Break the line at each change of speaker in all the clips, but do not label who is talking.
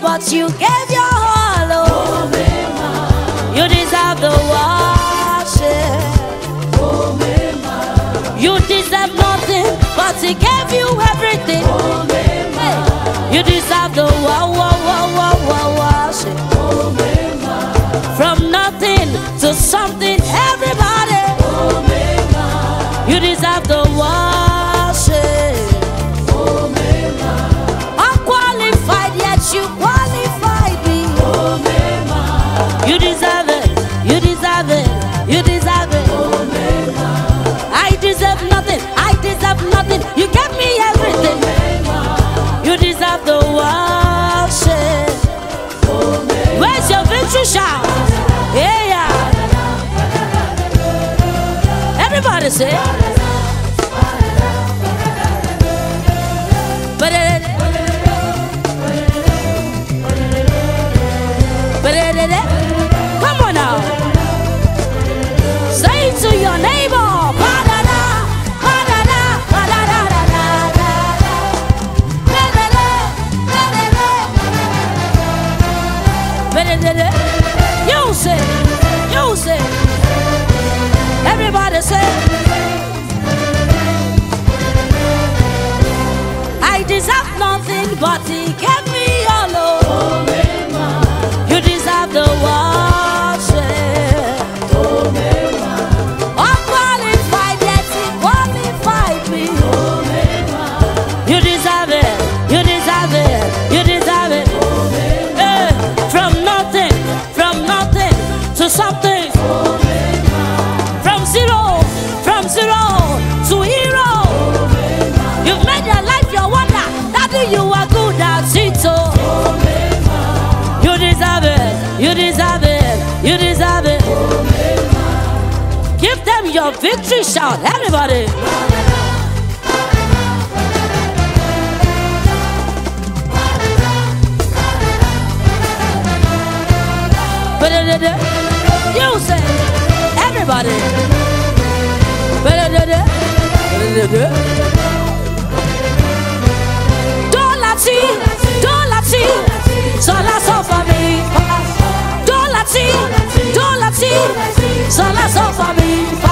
but you gave your all. Oh. You deserve the mama. You deserve nothing, but he gave you everything. Hey. You deserve the wow, wow, wow, wow, wow, mama. From nothing to something, everybody. You deserve aparecer. But cap your victory shout, everybody. You say, everybody. Don't let see, don't let see, so that's all for me. Don't let see, don't let see, so that's all for me.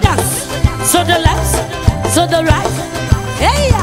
to So the left, so the right. Hey, yeah.